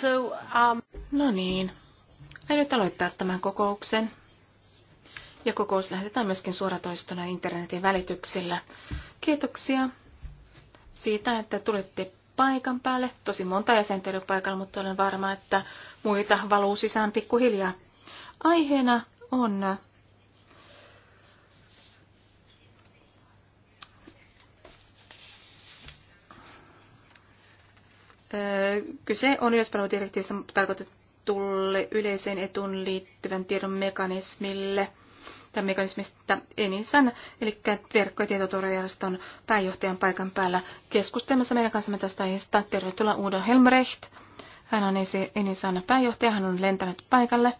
So, um... No niin. Mä nyt aloittaa tämän kokouksen. Ja kokous lähetetään myöskin suoratoistona internetin välityksellä. Kiitoksia siitä, että tulitte paikan päälle. Tosi monta jäsentä paikalla, mutta olen varma, että muita valuu sisään pikkuhiljaa. Aiheena on Kyse on yleispalveludirektiivissä tarkoitetulle yleiseen etuun liittyvän tiedon mekanismille tai mekanismista Enisan, eli verkko- ja tietoturvajärjestön pääjohtajan paikan päällä keskustelemassa meidän kanssamme tästä aiheesta. Tervetuloa Udo Helmrecht. Hän on Enisan pääjohtaja, hän on lentänyt paikalle.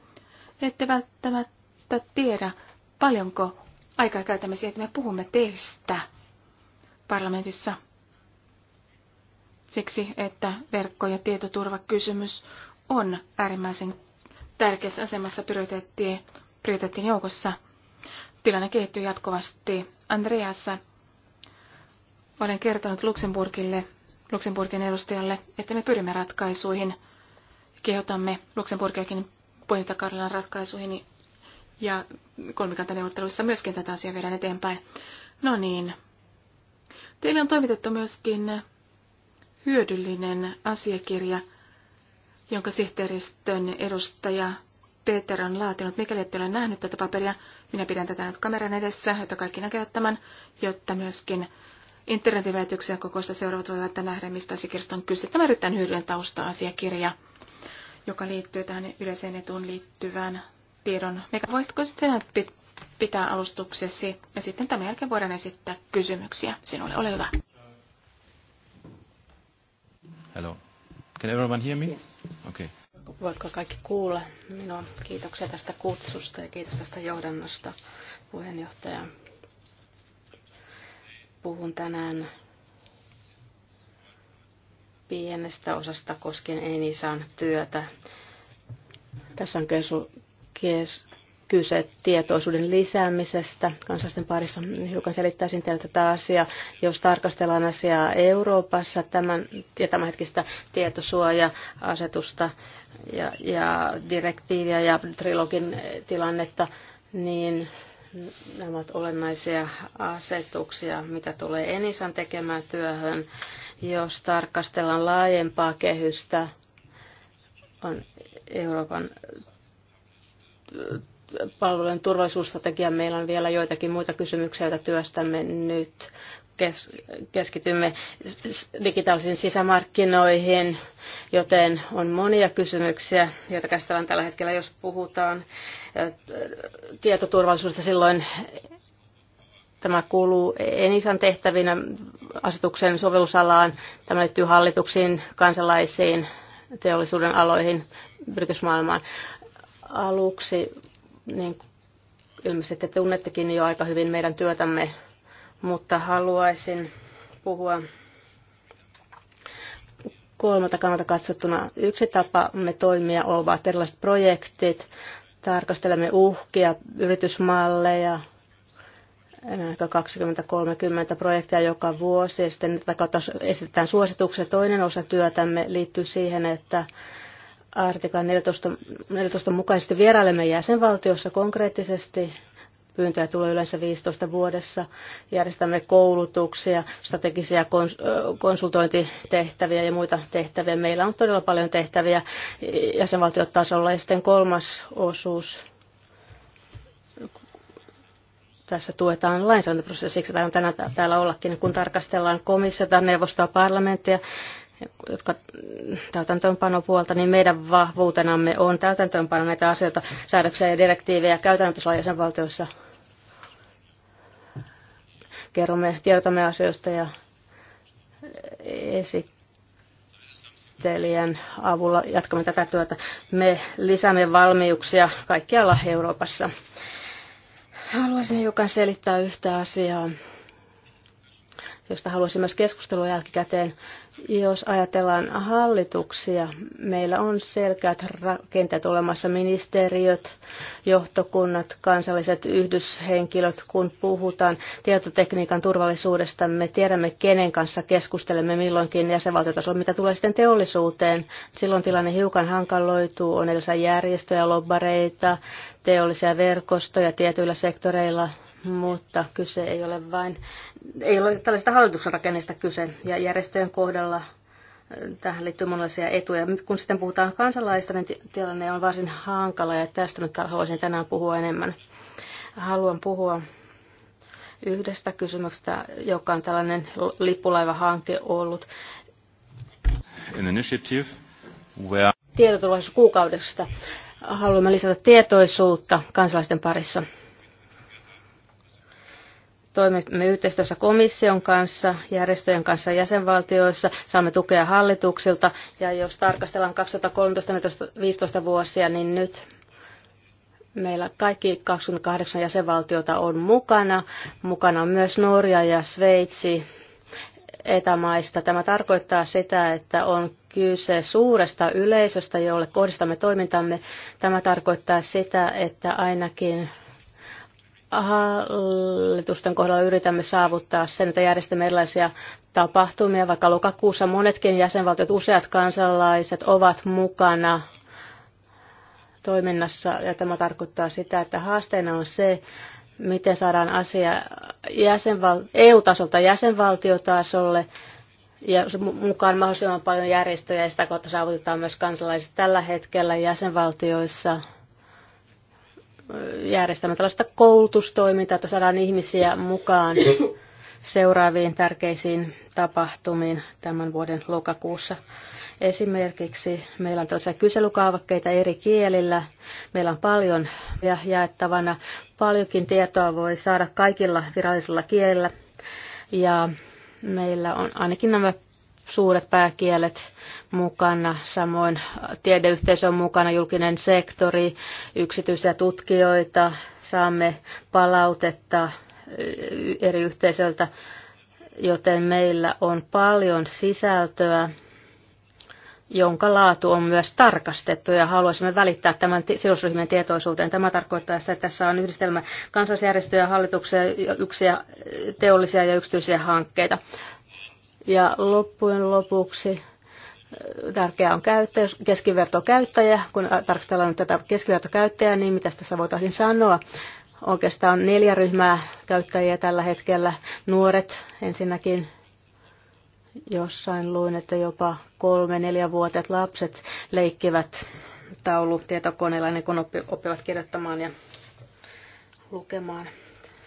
Ette välttämättä tiedä, paljonko aikaa käytämme siihen, että me puhumme teistä parlamentissa siksi, että verkko- ja tietoturvakysymys on äärimmäisen tärkeässä asemassa prioriteettien joukossa. Tilanne kehittyy jatkuvasti. Andreassa olen kertonut Luxemburgille, Luxemburgin edustajalle, että me pyrimme ratkaisuihin. Kehotamme Luxemburgiakin puheenjohtajakaudellaan ratkaisuihin ja kolmikantaneuvotteluissa myöskin tätä asiaa viedään eteenpäin. No niin. Teille on toimitettu myöskin hyödyllinen asiakirja, jonka sihteeristön edustaja Peter on laatinut. Mikäli ette ole nähnyt tätä paperia, minä pidän tätä nyt kameran edessä, jotta kaikki näkevät tämän, jotta myöskin internetin välityksiä kokoista seuraavat voivat nähdä, mistä asiakirjasta on kyse. Tämä erittäin hyödyllinen tausta-asiakirja, joka liittyy tähän yleiseen etuun liittyvään tiedon. Mikä voisitko sinä pitää alustuksesi ja sitten tämän jälkeen voidaan esittää kysymyksiä sinulle. Ole hyvä. Hello. Can everyone hear me? Yes. Okay. Voitko kaikki kuulla minua? Kiitoksia tästä kutsusta ja kiitos tästä johdannosta, puheenjohtaja. Puhun tänään pienestä osasta koskien Enisan niin työtä. Tässä on kesu, kes, kyse tietoisuuden lisäämisestä. Kansalaisten parissa hiukan selittäisin teille tätä asiaa. Jos tarkastellaan asiaa Euroopassa, tämän, ja tämänhetkistä tietosuoja-asetusta ja, ja direktiiviä ja trilogin tilannetta, niin nämä ovat olennaisia asetuksia, mitä tulee Enisan tekemään työhön. Jos tarkastellaan laajempaa kehystä, on Euroopan palvelujen turvallisuusstrategia. Meillä on vielä joitakin muita kysymyksiä, joita työstämme nyt. Kes- keskitymme digitaalisiin sisämarkkinoihin, joten on monia kysymyksiä, joita käsitellään tällä hetkellä, jos puhutaan tietoturvallisuudesta silloin Tämä kuuluu Enisan tehtävinä asetuksen sovellusalaan. Tämä liittyy hallituksiin, kansalaisiin, teollisuuden aloihin, yritysmaailmaan. Aluksi niin ilmeisesti te tunnettekin jo aika hyvin meidän työtämme, mutta haluaisin puhua kolmelta kannalta katsottuna. Yksi me toimia ovat erilaiset projektit, tarkastelemme uhkia, yritysmalleja, 20-30 projektia joka vuosi ja sitten tätä kautta esitetään suosituksia. Toinen osa työtämme liittyy siihen, että artiklan 14, 14 mukaisesti vierailemme jäsenvaltiossa konkreettisesti. Pyyntöjä tulee yleensä 15 vuodessa. Järjestämme koulutuksia, strategisia konsultointitehtäviä ja muita tehtäviä. Meillä on todella paljon tehtäviä jäsenvaltiotasolla. Ja sitten kolmas osuus tässä tuetaan lainsäädäntöprosessiksi, tai on tänään täällä ollakin, kun tarkastellaan komissiota, neuvostoa, parlamenttia, jotka mm, täytäntöönpanopuolta, niin meidän vahvuutenamme on täytäntöönpano näitä asioita, säädöksiä ja direktiivejä käytännössä jäsenvaltioissa. Kerromme, tiedotamme asioista ja esittelijän avulla jatkamme tätä työtä. Me lisäämme valmiuksia kaikkialla Euroopassa. Haluaisin hiukan selittää yhtä asiaa josta haluaisin myös keskustelua jälkikäteen. Jos ajatellaan hallituksia, meillä on selkeät rakenteet olemassa, ministeriöt, johtokunnat, kansalliset yhdyshenkilöt. Kun puhutaan tietotekniikan turvallisuudesta, me tiedämme, kenen kanssa keskustelemme milloinkin jäsenvaltiotasolla. Mitä tulee sitten teollisuuteen, silloin tilanne hiukan hankaloituu. On edessä järjestöjä, lobbareita, teollisia verkostoja tietyillä sektoreilla, mutta kyse ei ole vain, ei ole tällaista hallituksen rakenneista kyse, ja järjestöjen kohdalla äh, tähän liittyy monenlaisia etuja. Kun sitten puhutaan kansalaista, niin tilanne on varsin hankala, ja tästä nyt haluaisin tänään puhua enemmän. Haluan puhua yhdestä kysymyksestä, joka on tällainen lippulaivahanke ollut. An initiative where... Tietoturvallisuuskuukaudesta haluamme lisätä tietoisuutta kansalaisten parissa – Toimimme yhteistyössä komission kanssa, järjestöjen kanssa jäsenvaltioissa, saamme tukea hallituksilta ja jos tarkastellaan 2013-2015 vuosia, niin nyt meillä kaikki 28 jäsenvaltiota on mukana. Mukana on myös Norja ja Sveitsi etämaista. Tämä tarkoittaa sitä, että on kyse suuresta yleisöstä, jolle kohdistamme toimintamme. Tämä tarkoittaa sitä, että ainakin hallitusten kohdalla yritämme saavuttaa sen, että järjestämme erilaisia tapahtumia, vaikka lokakuussa monetkin jäsenvaltiot, useat kansalaiset ovat mukana toiminnassa, ja tämä tarkoittaa sitä, että haasteena on se, miten saadaan asia jäsenval- EU-tasolta jäsenvaltiotasolle, ja mukaan mahdollisimman paljon järjestöjä, ja sitä kautta saavutetaan myös kansalaiset tällä hetkellä jäsenvaltioissa – järjestämme tällaista koulutustoimintaa, että saadaan ihmisiä mukaan seuraaviin tärkeisiin tapahtumiin tämän vuoden lokakuussa. Esimerkiksi meillä on tällaisia kyselykaavakkeita eri kielillä. Meillä on paljon jaettavana. Paljonkin tietoa voi saada kaikilla virallisilla kielillä. Ja meillä on ainakin nämä suuret pääkielet mukana, samoin tiedeyhteisö on mukana, julkinen sektori, yksityisiä tutkijoita, saamme palautetta eri yhteisöiltä, joten meillä on paljon sisältöä, jonka laatu on myös tarkastettu ja haluaisimme välittää tämän sidosryhmien tietoisuuteen. Tämä tarkoittaa sitä, että tässä on yhdistelmä kansallisjärjestöjä, hallituksia, yksiä teollisia ja yksityisiä hankkeita. Ja loppujen lopuksi äh, tärkeää on käyttäjä, keskivertokäyttäjä. Kun tarkastellaan tätä keskivertokäyttäjää, niin mitä tässä voitaisiin sanoa? Oikeastaan on neljä ryhmää käyttäjiä tällä hetkellä. Nuoret ensinnäkin, jossain luin, että jopa kolme vuotet lapset leikkivät taulu tietokoneella, niin kun oppivat kirjoittamaan ja lukemaan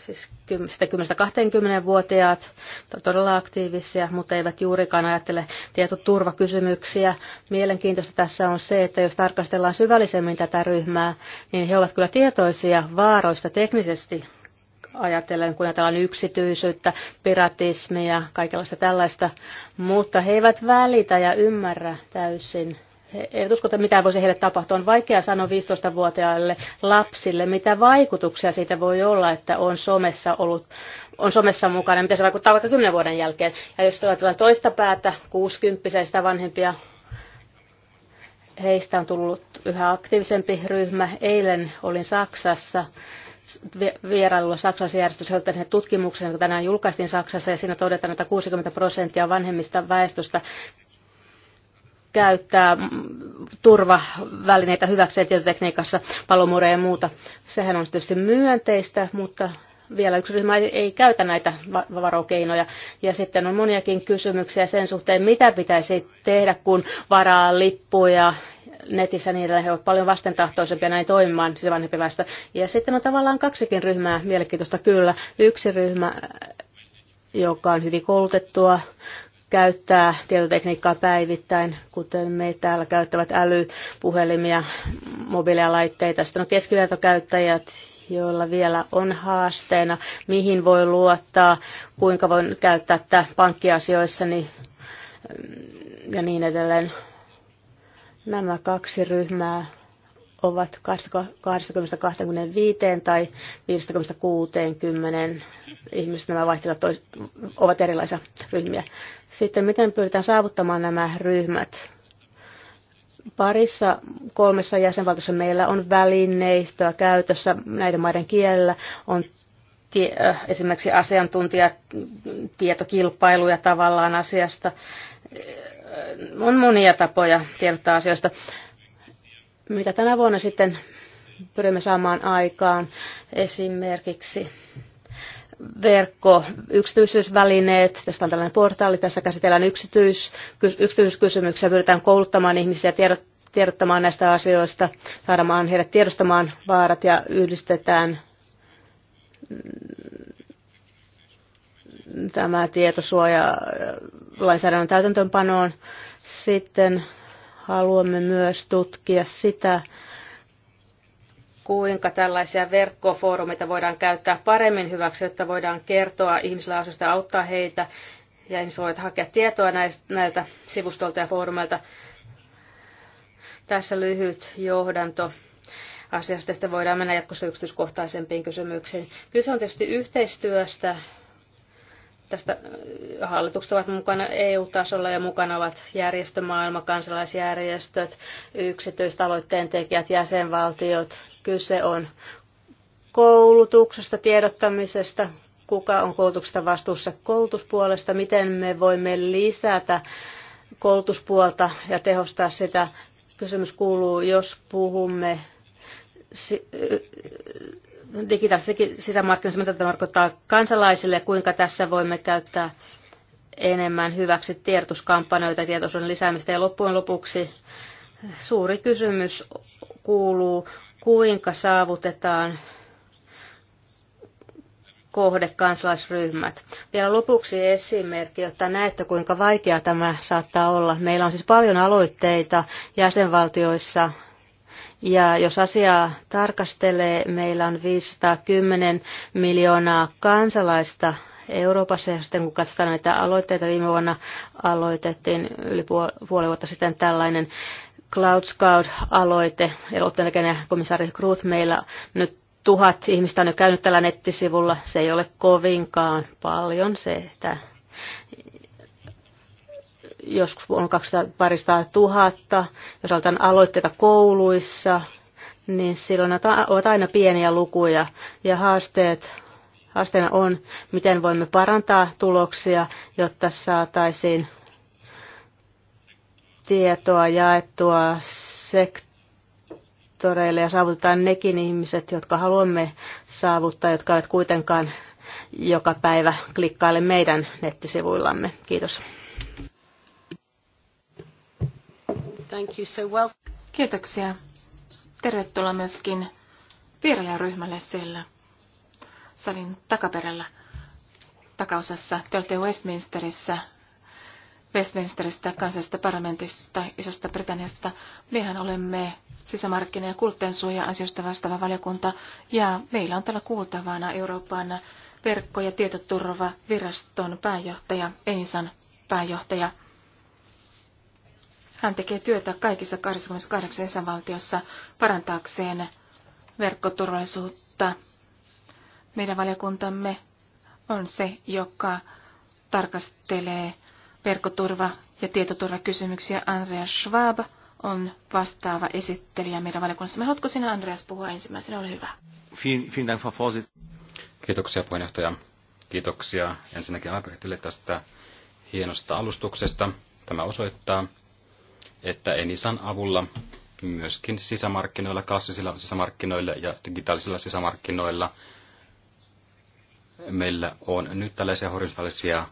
siis 10-20-vuotiaat, todella aktiivisia, mutta eivät juurikaan ajattele tietoturvakysymyksiä. Mielenkiintoista tässä on se, että jos tarkastellaan syvällisemmin tätä ryhmää, niin he ovat kyllä tietoisia vaaroista teknisesti ajatellen, kun ajatellaan yksityisyyttä, piratismia, kaikenlaista tällaista, mutta he eivät välitä ja ymmärrä täysin he eivät usko, että mitä voisi heille tapahtua. On vaikea sanoa 15-vuotiaille lapsille, mitä vaikutuksia siitä voi olla, että on somessa ollut on somessa mukana, mitä se vaikuttaa vaikka 10 vuoden jälkeen. Ja jos ajatellaan toista päätä, 60 vanhempia, heistä on tullut yhä aktiivisempi ryhmä. Eilen olin Saksassa vierailulla Saksassa järjestössä tehneet tutkimuksen, joka tänään julkaistiin Saksassa, ja siinä todetaan, että 60 prosenttia vanhemmista väestöstä käyttää mm, turvavälineitä hyväkseen tietotekniikassa, palomuureja ja muuta. Sehän on tietysti myönteistä, mutta vielä yksi ryhmä ei käytä näitä varokeinoja. Ja sitten on moniakin kysymyksiä sen suhteen, mitä pitäisi tehdä, kun varaa lippuja netissä niin He ovat paljon vastentahtoisempia näin toimimaan, siis vanhempi väestö. Ja sitten on tavallaan kaksikin ryhmää, mielenkiintoista kyllä. Yksi ryhmä, joka on hyvin koulutettua, käyttää tietotekniikkaa päivittäin, kuten me täällä käyttävät älypuhelimia, mobiileja laitteita. Sitten on keskivertokäyttäjät, joilla vielä on haasteena, mihin voi luottaa, kuinka voin käyttää tätä pankkiasioissani niin, ja niin edelleen. Nämä kaksi ryhmää ovat 20-25 tai 50-60 ihmistä. Nämä vaihtelevat ovat erilaisia ryhmiä. Sitten miten pyritään saavuttamaan nämä ryhmät? Parissa kolmessa jäsenvaltiossa meillä on välineistöä käytössä näiden maiden kielellä. On tie, äh, esimerkiksi asiantuntijatietokilpailuja tavallaan asiasta. Äh, on monia tapoja tiedottaa asioista mitä tänä vuonna sitten pyrimme saamaan aikaan esimerkiksi verkko, yksityisyysvälineet, tästä on tällainen portaali, tässä käsitellään yksityis, yksityiskysymyksiä, pyritään kouluttamaan ihmisiä, tiedot, tiedottamaan näistä asioista, saadaan heidät tiedostamaan vaarat ja yhdistetään tämä tietosuoja lainsäädännön täytäntöönpanoon. Sitten Haluamme myös tutkia sitä, kuinka tällaisia verkkofoorumeita voidaan käyttää paremmin hyväksi, että voidaan kertoa ihmisille asioista auttaa heitä ja ihmiset voivat hakea tietoa näiltä sivustolta ja foorumeilta. Tässä lyhyt johdanto asiasta, sitten voidaan mennä jatkossa yksityiskohtaisempiin kysymyksiin. Kyse on tietysti yhteistyöstä Tästä äh, hallitukset ovat mukana EU-tasolla ja mukana ovat järjestömaailma, kansalaisjärjestöt, yksityistavoitteen tekijät, jäsenvaltiot. Kyse on koulutuksesta, tiedottamisesta, kuka on koulutuksesta vastuussa koulutuspuolesta, miten me voimme lisätä koulutuspuolta ja tehostaa sitä. Kysymys kuuluu, jos puhumme digitaalisessa sisämarkkinoissa, mitä tämä tarkoittaa kansalaisille, kuinka tässä voimme käyttää enemmän hyväksi tiedotuskampanjoita, tietoisuuden lisäämistä. Ja loppujen lopuksi suuri kysymys kuuluu, kuinka saavutetaan kohde kansalaisryhmät. Vielä lopuksi esimerkki, jotta näette kuinka vaikea tämä saattaa olla. Meillä on siis paljon aloitteita jäsenvaltioissa ja jos asiaa tarkastelee, meillä on 510 miljoonaa kansalaista Euroopassa ja sitten kun katsotaan näitä aloitteita, viime vuonna aloitettiin yli puoli vuotta sitten tällainen Cloud Scout-aloite, elottelikäinen komissaari Groot meillä nyt tuhat ihmistä on jo käynyt tällä nettisivulla, se ei ole kovinkaan paljon, se, että joskus on 200, parista tuhatta, jos aletaan aloitteita kouluissa, niin silloin ne ovat aina pieniä lukuja ja haasteet, haasteena on, miten voimme parantaa tuloksia, jotta saataisiin tietoa jaettua sektoreille ja saavutetaan nekin ihmiset, jotka haluamme saavuttaa, jotka eivät kuitenkaan joka päivä klikkaile meidän nettisivuillamme. Kiitos. Thank you so well. Kiitoksia. Tervetuloa myöskin vierailijaryhmälle siellä salin takaperällä takaosassa. Te olette Westminsterissä, Westminsteristä, kansallisesta parlamentista, isosta Britanniasta. Mehän olemme sisämarkkina- ja kuluttajansuoja-asioista vastaava valiokunta, ja meillä on täällä kuultavana Euroopan verkko- ja tietoturvaviraston pääjohtaja, Ensan pääjohtaja – hän tekee työtä kaikissa 28 jäsenvaltiossa parantaakseen verkkoturvallisuutta. Meidän valiokuntamme on se, joka tarkastelee verkkoturva- ja tietoturvakysymyksiä. Andreas Schwab on vastaava esittelijä meidän valiokunnassamme. Haluatko sinä, Andreas, puhua ensimmäisenä? Ole hyvä. Kiitoksia puheenjohtaja. Kiitoksia ensinnäkin Albrechtille tästä hienosta alustuksesta. Tämä osoittaa, että Enisan avulla myöskin sisämarkkinoilla, klassisilla sisämarkkinoilla ja digitaalisilla sisämarkkinoilla meillä on nyt tällaisia horisontaalisia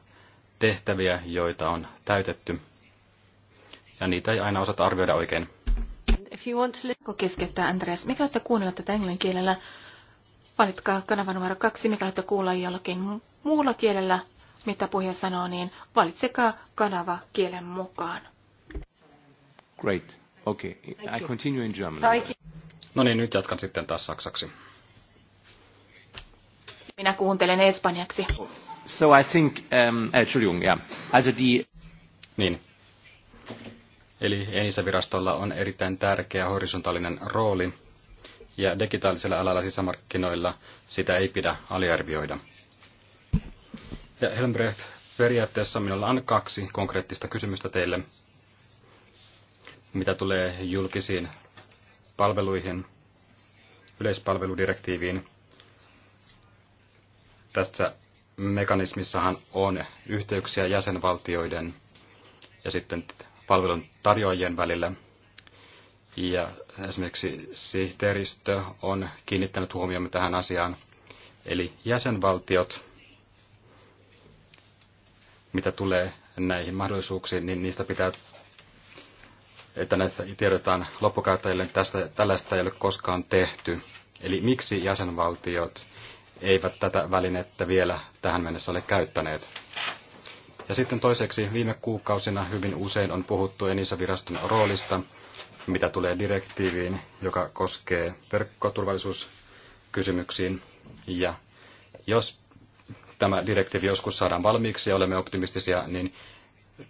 tehtäviä, joita on täytetty. Ja niitä ei aina osata arvioida oikein. If you want to... keskeyttää, Andreas, mikä olette kuunnella tätä englannin kielellä? Valitkaa kanava numero kaksi, mikä olette kuulla jollakin muulla kielellä, mitä puhe sanoo, niin valitsekaa kanava kielen mukaan. Great. Okay. I continue in German. No niin, nyt jatkan sitten taas saksaksi. Minä kuuntelen espanjaksi. So I think, um, äh, Entschuldigung, yeah. Also die... Niin. Eli Enisa-virastolla on erittäin tärkeä horisontaalinen rooli, ja digitaalisella alalla sisämarkkinoilla sitä ei pidä aliarvioida. Ja Helmbrecht, periaatteessa minulla on kaksi konkreettista kysymystä teille mitä tulee julkisiin palveluihin, yleispalveludirektiiviin. Tässä mekanismissahan on yhteyksiä jäsenvaltioiden ja sitten palvelun tarjoajien välillä. Ja esimerkiksi sihteeristö on kiinnittänyt huomiomme tähän asiaan. Eli jäsenvaltiot, mitä tulee näihin mahdollisuuksiin, niin niistä pitää että näistä tiedotetaan loppukäyttäjille. Tästä, tällaista ei ole koskaan tehty. Eli miksi jäsenvaltiot eivät tätä välinettä vielä tähän mennessä ole käyttäneet? Ja sitten toiseksi viime kuukausina hyvin usein on puhuttu Enisa-viraston roolista, mitä tulee direktiiviin, joka koskee verkkoturvallisuuskysymyksiin. Ja jos tämä direktiivi joskus saadaan valmiiksi ja olemme optimistisia, niin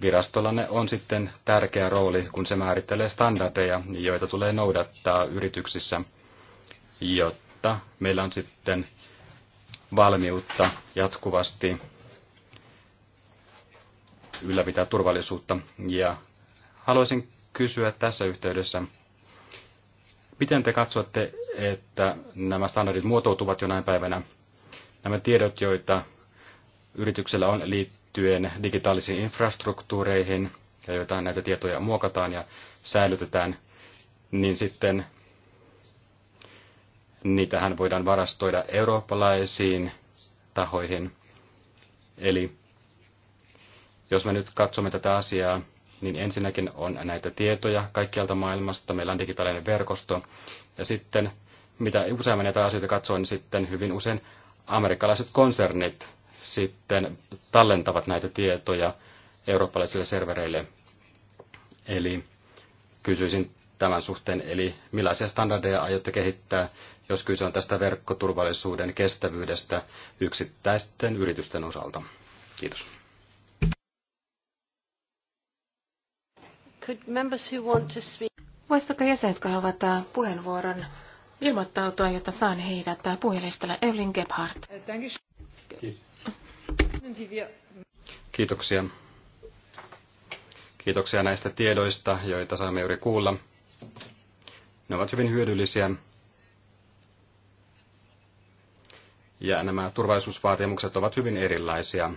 Virastollanne on sitten tärkeä rooli, kun se määrittelee standardeja, joita tulee noudattaa yrityksissä, jotta meillä on sitten valmiutta jatkuvasti ylläpitää turvallisuutta. Ja haluaisin kysyä tässä yhteydessä, miten te katsotte, että nämä standardit muotoutuvat jonain päivänä? Nämä tiedot, joita yrityksellä on liittyen liittyen digitaalisiin infrastruktuureihin, ja joita näitä tietoja muokataan ja säilytetään, niin sitten niitähän voidaan varastoida eurooppalaisiin tahoihin. Eli jos me nyt katsomme tätä asiaa, niin ensinnäkin on näitä tietoja kaikkialta maailmasta, meillä on digitaalinen verkosto, ja sitten mitä useammin näitä asioita katsoo, niin sitten hyvin usein amerikkalaiset konsernit sitten tallentavat näitä tietoja eurooppalaisille servereille. Eli kysyisin tämän suhteen, eli millaisia standardeja aiotte kehittää, jos kyse on tästä verkkoturvallisuuden kestävyydestä yksittäisten yritysten osalta. Kiitos. Voisitko jäsenet, jotka haluavat äh, puheenvuoron, ilmoittautua, jotta saan heidät äh, puhelistalle Evelyn Gebhardt? Kiitos. Kiitoksia. Kiitoksia näistä tiedoista, joita saimme juuri kuulla. Ne ovat hyvin hyödyllisiä. Ja nämä turvallisuusvaatimukset ovat hyvin erilaisia,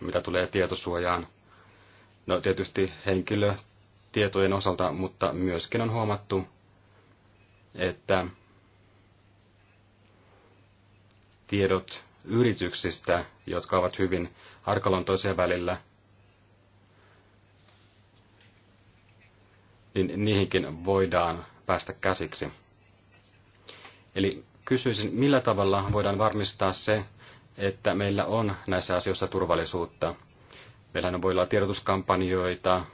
mitä tulee tietosuojaan. No tietysti henkilötietojen osalta, mutta myöskin on huomattu, että tiedot yrityksistä, jotka ovat hyvin arkaluontoisia välillä, niin niihinkin voidaan päästä käsiksi. Eli kysyisin, millä tavalla voidaan varmistaa se, että meillä on näissä asioissa turvallisuutta. Meillähän voi olla tiedotuskampanjoita,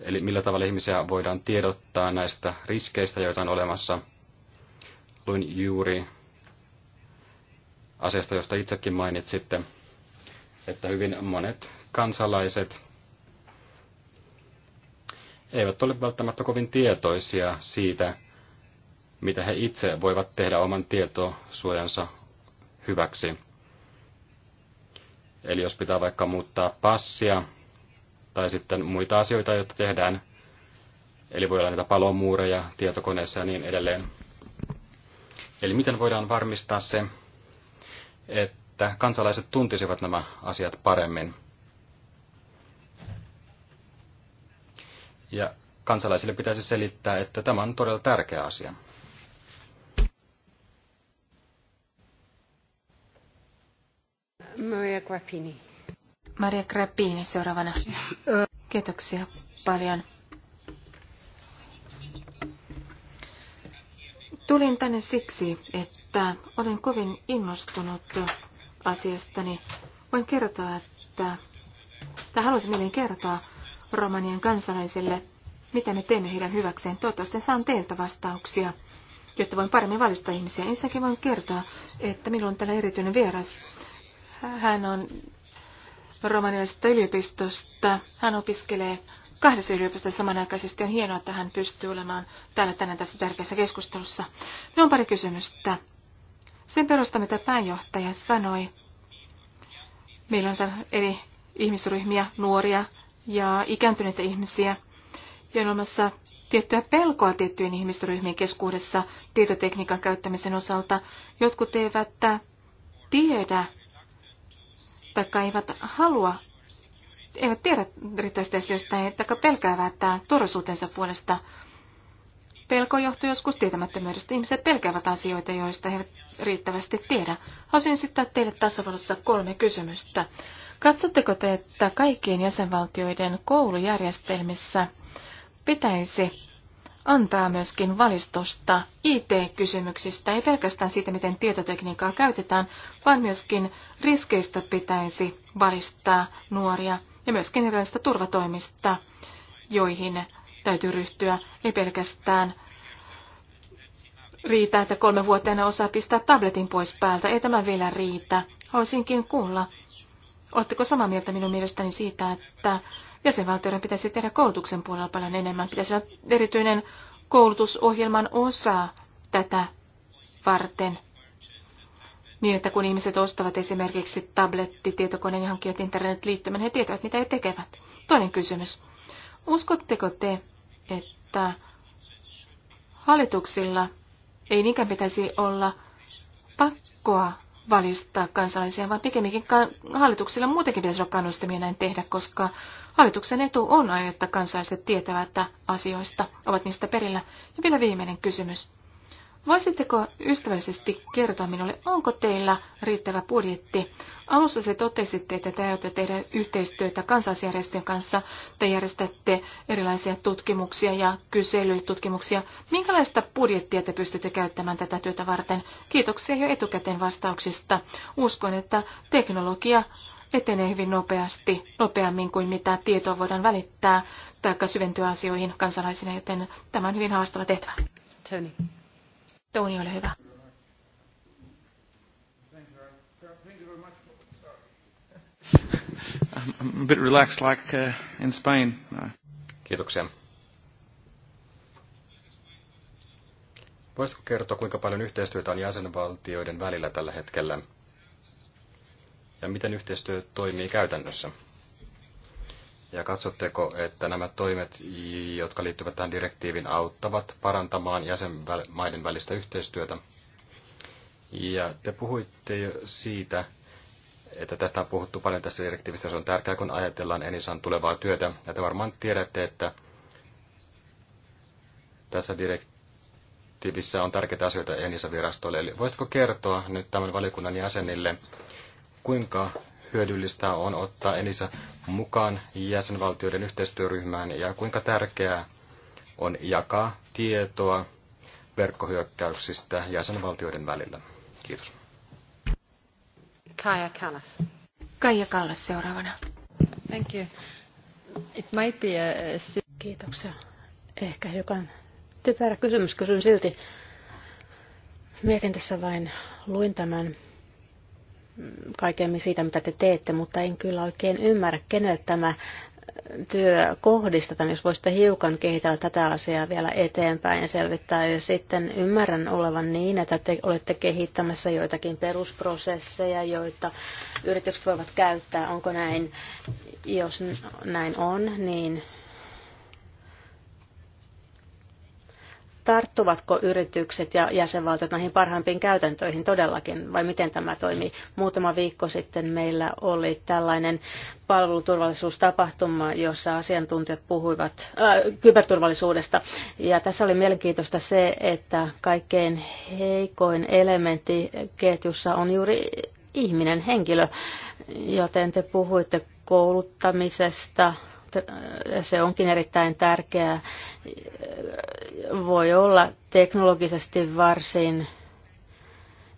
eli millä tavalla ihmisiä voidaan tiedottaa näistä riskeistä, joita on olemassa. Luin juuri asiasta, josta itsekin mainitsitte, että hyvin monet kansalaiset eivät ole välttämättä kovin tietoisia siitä, mitä he itse voivat tehdä oman tietosuojansa hyväksi. Eli jos pitää vaikka muuttaa passia tai sitten muita asioita, joita tehdään, eli voi olla niitä palomuureja tietokoneessa ja niin edelleen. Eli miten voidaan varmistaa se, että kansalaiset tuntisivat nämä asiat paremmin. Ja kansalaisille pitäisi selittää, että tämä on todella tärkeä asia. Maria Grappini. Maria Grappini seuraavana. Kiitoksia paljon. Tulin tänne siksi, että olen kovin innostunut asiastani. Voin kertoa, että, tai haluaisin mielen kertoa Romanian kansalaisille, mitä me teemme heidän hyväkseen. Toivottavasti saan teiltä vastauksia, jotta voin paremmin valistaa ihmisiä. Ensinnäkin voin kertoa, että minulla on täällä erityinen vieras. Hän on romanialaisesta yliopistosta. Hän opiskelee kahdessa yliopistossa samanaikaisesti. On hienoa, että hän pystyy olemaan täällä tänään tässä tärkeässä keskustelussa. Minulla on pari kysymystä. Sen perusta, mitä pääjohtaja sanoi, meillä on eri ihmisryhmiä, nuoria ja ikääntyneitä ihmisiä, ja on olemassa tiettyä pelkoa tiettyjen ihmisryhmien keskuudessa tietotekniikan käyttämisen osalta. Jotkut eivät tiedä tai eivät halua eivät tiedä riittävästi asioista, että pelkäävät turvallisuutensa puolesta. Pelko johtuu joskus tietämättömyydestä. Ihmiset pelkäävät asioita, joista he riittävästi tiedä. Haluaisin sitten teille tasavallassa kolme kysymystä. Katsotteko te, että kaikkien jäsenvaltioiden koulujärjestelmissä pitäisi antaa myöskin valistusta IT-kysymyksistä, ei pelkästään siitä, miten tietotekniikkaa käytetään, vaan myöskin riskeistä pitäisi valistaa nuoria ja myöskin erilaisista turvatoimista, joihin täytyy ryhtyä. Ei pelkästään riitä, että kolme vuoteena osaa pistää tabletin pois päältä. Ei tämä vielä riitä. Haluaisinkin kuulla, Oletteko samaa mieltä minun mielestäni siitä, että jäsenvaltioiden pitäisi tehdä koulutuksen puolella paljon enemmän? Pitäisi olla erityinen koulutusohjelman osa tätä varten. Niin, että kun ihmiset ostavat esimerkiksi tabletti, tietokoneen ja internet liittymän, he tietävät, mitä he tekevät. Toinen kysymys. Uskotteko te, että hallituksilla ei niinkään pitäisi olla pakkoa valistaa kansalaisia, vaan pikemminkin hallituksilla muutenkin pitäisi olla kannustamia näin tehdä, koska hallituksen etu on aina, että kansalaiset tietävät asioista, ovat niistä perillä. Ja vielä viimeinen kysymys. Voisitteko ystävällisesti kertoa minulle, onko teillä riittävä budjetti? Alussa se totesitte, että te aiotte tehdä yhteistyötä kansalaisjärjestöjen kanssa. Te järjestätte erilaisia tutkimuksia ja kyselytutkimuksia. Minkälaista budjettia te pystytte käyttämään tätä työtä varten? Kiitoksia jo etukäteen vastauksista. Uskon, että teknologia etenee hyvin nopeasti, nopeammin kuin mitä tietoa voidaan välittää tai syventyä asioihin kansalaisina, joten tämä on hyvin haastava tehtävä. Tony. Tony, ole hyvä. I'm a bit relaxed like uh, in Spain. No. Kiitoksia. Voisitko kertoa, kuinka paljon yhteistyötä on jäsenvaltioiden välillä tällä hetkellä? Ja miten yhteistyö toimii käytännössä? Ja katsotteko, että nämä toimet, jotka liittyvät tähän direktiivin, auttavat parantamaan jäsenmaiden välistä yhteistyötä? Ja te puhuitte jo siitä, että tästä on puhuttu paljon tässä direktiivistä. Se on tärkeää, kun ajatellaan Enisan tulevaa työtä. Ja te varmaan tiedätte, että tässä direktiivissä on tärkeitä asioita Enisan virastolle Eli voisitko kertoa nyt tämän valikunnan jäsenille, kuinka hyödyllistä on ottaa Elisa mukaan jäsenvaltioiden yhteistyöryhmään ja kuinka tärkeää on jakaa tietoa verkkohyökkäyksistä jäsenvaltioiden välillä. Kiitos. Kaija Kallas. Kaija Kallas seuraavana. Thank you. It might be a... Kiitoksia. Ehkä hiukan typerä kysymys. Kysyn silti. Mietin tässä vain, luin tämän kaikemmin siitä, mitä te teette, mutta en kyllä oikein ymmärrä, kenelle tämä työ kohdistetaan, jos voisitte hiukan kehitellä tätä asiaa vielä eteenpäin ja selvittää. Ja sitten ymmärrän olevan niin, että te olette kehittämässä joitakin perusprosesseja, joita yritykset voivat käyttää. Onko näin? Jos näin on, niin tarttuvatko yritykset ja jäsenvaltiot näihin parhaimpiin käytäntöihin todellakin, vai miten tämä toimii? Muutama viikko sitten meillä oli tällainen palveluturvallisuustapahtuma, jossa asiantuntijat puhuivat äh, kyberturvallisuudesta. Ja tässä oli mielenkiintoista se, että kaikkein heikoin elementti ketjussa on juuri ihminen, henkilö, joten te puhuitte kouluttamisesta, se onkin erittäin tärkeää. Voi olla teknologisesti varsin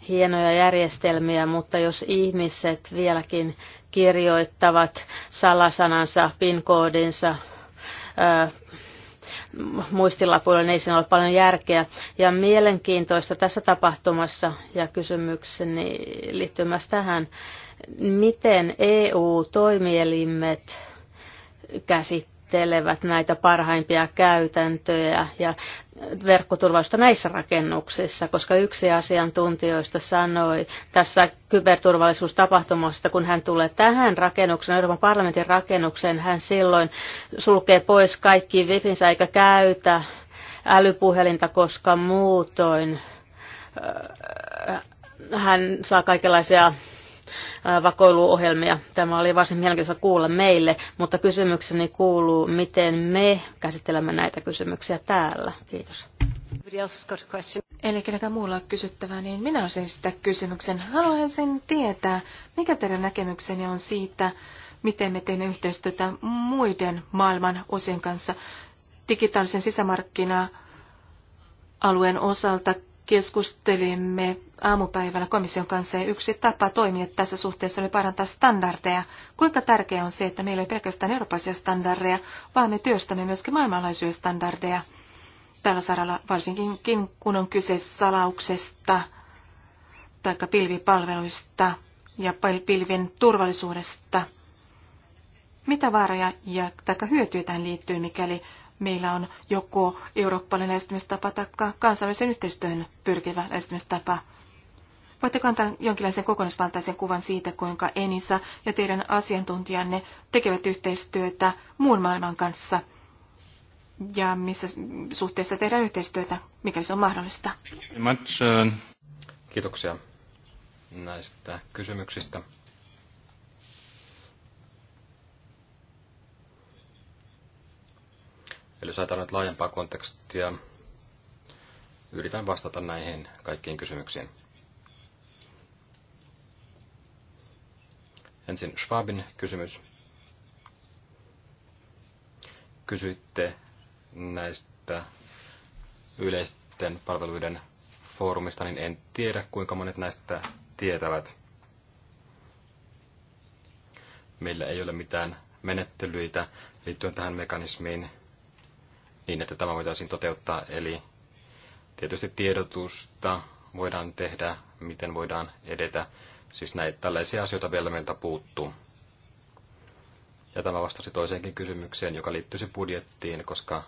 hienoja järjestelmiä, mutta jos ihmiset vieläkin kirjoittavat salasanansa, PIN-koodinsa, muistilapuilla, niin ei siinä ole paljon järkeä. Ja mielenkiintoista tässä tapahtumassa ja kysymykseni liittyy myös tähän, miten EU-toimielimet käsittelevät näitä parhaimpia käytäntöjä ja verkkoturvallisuutta näissä rakennuksissa, koska yksi asiantuntijoista sanoi tässä kyberturvallisuustapahtumasta, kun hän tulee tähän rakennukseen, Euroopan parlamentin rakennukseen, hän silloin sulkee pois kaikki vipinsä eikä käytä älypuhelinta, koska muutoin äh, hän saa kaikenlaisia vakoiluohjelmia. Tämä oli varsin mielenkiintoista kuulla meille, mutta kysymykseni kuuluu, miten me käsittelemme näitä kysymyksiä täällä. Kiitos. Eli kenenkään muulla on kysyttävää, niin minä olisin sitä kysymyksen. Haluaisin tietää, mikä teidän näkemykseni on siitä, miten me teemme yhteistyötä muiden maailman osien kanssa digitaalisen sisämarkkina-alueen osalta keskustelimme aamupäivällä komission kanssa ja yksi tapa toimia tässä suhteessa oli parantaa standardeja. Kuinka tärkeää on se, että meillä ei pelkästään eurooppalaisia standardeja, vaan me työstämme myöskin maailmanlaisia standardeja tällä saralla, varsinkin kun on kyse salauksesta tai pilvipalveluista ja pilvien turvallisuudesta. Mitä vaaroja ja taikka hyötyä tähän liittyy, mikäli meillä on joko eurooppalainen lähestymistapa tai kansainvälisen yhteistyön pyrkivä lähestymistapa. Voitteko antaa jonkinlaisen kokonaisvaltaisen kuvan siitä, kuinka Enisa ja teidän asiantuntijanne tekevät yhteistyötä muun maailman kanssa ja missä suhteessa tehdään yhteistyötä, mikäli se on mahdollista? Kiitoksia näistä kysymyksistä. Eli jos ajatellaan nyt laajempaa kontekstia, yritän vastata näihin kaikkiin kysymyksiin. Ensin Schwabin kysymys. Kysyitte näistä yleisten palveluiden foorumista, niin en tiedä kuinka monet näistä tietävät. Meillä ei ole mitään menettelyitä liittyen tähän mekanismiin, niin, että tämä voitaisiin toteuttaa. Eli tietysti tiedotusta voidaan tehdä, miten voidaan edetä. Siis näitä tällaisia asioita vielä meiltä puuttuu. Ja tämä vastasi toiseenkin kysymykseen, joka liittyisi budjettiin, koska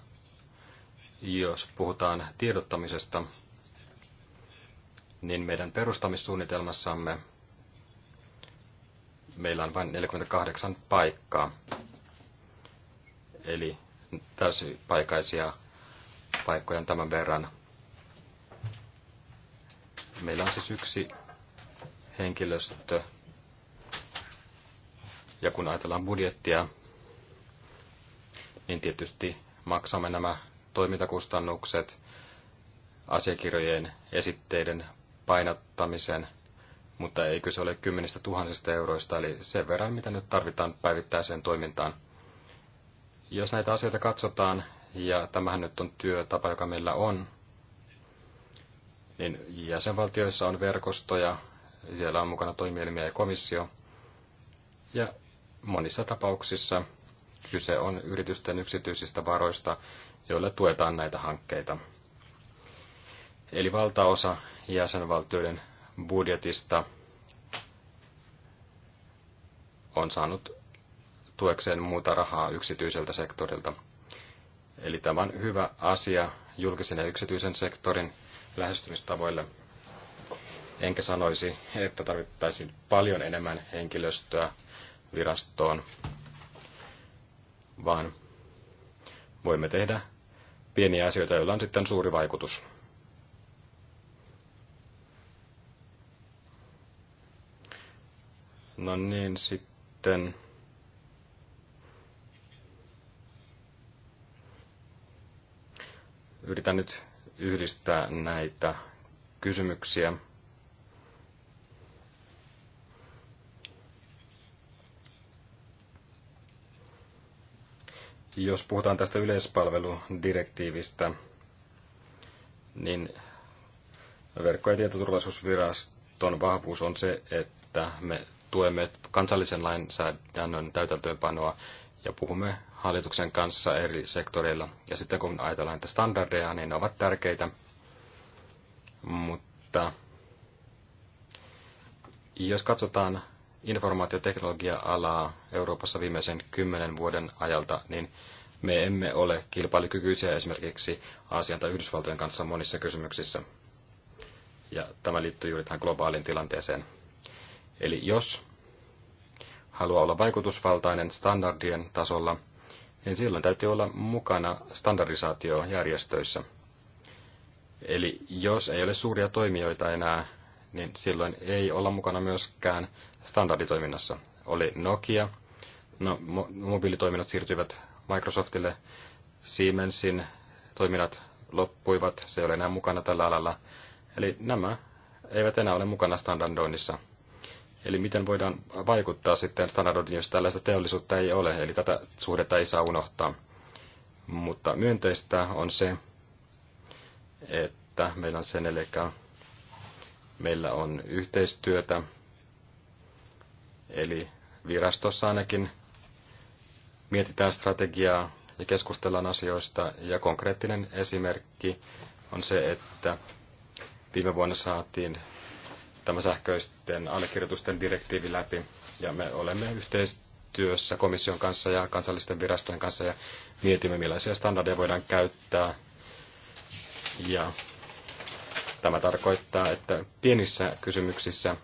jos puhutaan tiedottamisesta, niin meidän perustamissuunnitelmassamme meillä on vain 48 paikkaa. Eli täysipaikaisia paikkoja tämän verran. Meillä on siis yksi henkilöstö. Ja kun ajatellaan budjettia, niin tietysti maksamme nämä toimintakustannukset, asiakirjojen esitteiden painattamisen, mutta ei kyse ole kymmenistä tuhansista euroista, eli sen verran, mitä nyt tarvitaan päivittäiseen toimintaan – jos näitä asioita katsotaan, ja tämähän nyt on työtapa, joka meillä on, niin jäsenvaltioissa on verkostoja, siellä on mukana toimielimiä ja komissio, ja monissa tapauksissa kyse on yritysten yksityisistä varoista, joilla tuetaan näitä hankkeita. Eli valtaosa jäsenvaltioiden budjetista on saanut tuekseen muuta rahaa yksityiseltä sektorilta. Eli tämä on hyvä asia julkisen ja yksityisen sektorin lähestymistavoille. Enkä sanoisi, että tarvittaisiin paljon enemmän henkilöstöä virastoon, vaan voimme tehdä pieniä asioita, joilla on sitten suuri vaikutus. No niin, sitten Yritän nyt yhdistää näitä kysymyksiä. Jos puhutaan tästä yleispalveludirektiivistä, niin verkko- ja tietoturvallisuusviraston vahvuus on se, että me tuemme kansallisen lainsäädännön täytäntöönpanoa ja puhumme hallituksen kanssa eri sektoreilla. Ja sitten kun ajatellaan että standardeja, niin ne ovat tärkeitä, mutta jos katsotaan informaatioteknologia-alaa Euroopassa viimeisen kymmenen vuoden ajalta, niin me emme ole kilpailukykyisiä esimerkiksi Aasian tai Yhdysvaltojen kanssa monissa kysymyksissä. Ja tämä liittyy juuri tähän globaaliin tilanteeseen. Eli jos haluaa olla vaikutusvaltainen standardien tasolla, niin silloin täytyy olla mukana standardisaatiojärjestöissä. Eli jos ei ole suuria toimijoita enää, niin silloin ei olla mukana myöskään standarditoiminnassa. Oli Nokia, no, mobiilitoiminnot siirtyivät Microsoftille, Siemensin toiminnat loppuivat, se ei ole enää mukana tällä alalla. Eli nämä eivät enää ole mukana standardoinnissa. Eli miten voidaan vaikuttaa sitten standardointiin, jos tällaista teollisuutta ei ole, eli tätä suhdetta ei saa unohtaa. Mutta myönteistä on se, että meillä on sen eli meillä on yhteistyötä, eli virastossa ainakin mietitään strategiaa ja keskustellaan asioista. Ja konkreettinen esimerkki on se, että viime vuonna saatiin tämä sähköisten allekirjoitusten direktiivi läpi. Ja me olemme yhteistyössä komission kanssa ja kansallisten virastojen kanssa ja mietimme, millaisia standardeja voidaan käyttää. Ja tämä tarkoittaa, että pienissä kysymyksissä,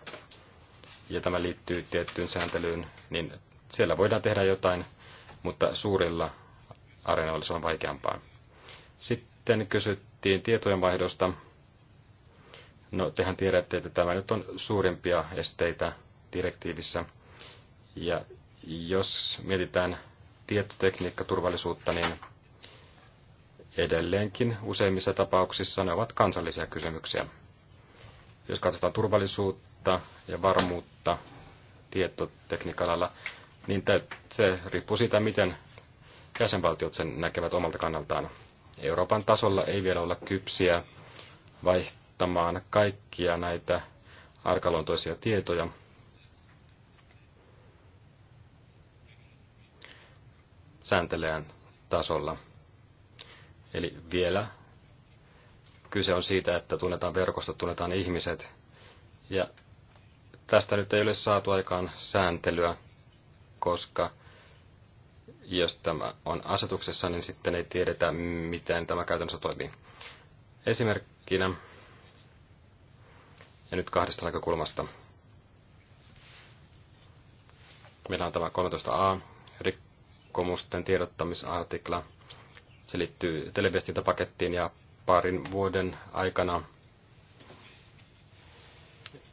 ja tämä liittyy tiettyyn sääntelyyn, niin siellä voidaan tehdä jotain, mutta suurilla areenoilla se on vaikeampaa. Sitten kysyttiin tietojenvaihdosta. No, tehän tiedätte, että tämä nyt on suurimpia esteitä direktiivissä. Ja jos mietitään tietotekniikkaturvallisuutta, niin edelleenkin useimmissa tapauksissa ne ovat kansallisia kysymyksiä. Jos katsotaan turvallisuutta ja varmuutta tietotekniikalalla, niin se riippuu siitä, miten jäsenvaltiot sen näkevät omalta kannaltaan. Euroopan tasolla ei vielä olla kypsiä vaihtaa kattamaan kaikkia näitä arkaluontoisia tietoja. sääntelijän tasolla. Eli vielä kyse on siitä, että tunnetaan verkostot, tunnetaan ihmiset. Ja tästä nyt ei ole saatu aikaan sääntelyä, koska jos tämä on asetuksessa, niin sitten ei tiedetä, miten tämä käytännössä toimii. Esimerkkinä ja nyt kahdesta näkökulmasta. Meillä on tämä 13a, rikkomusten tiedottamisartikla. Se liittyy televiestintäpakettiin ja parin vuoden aikana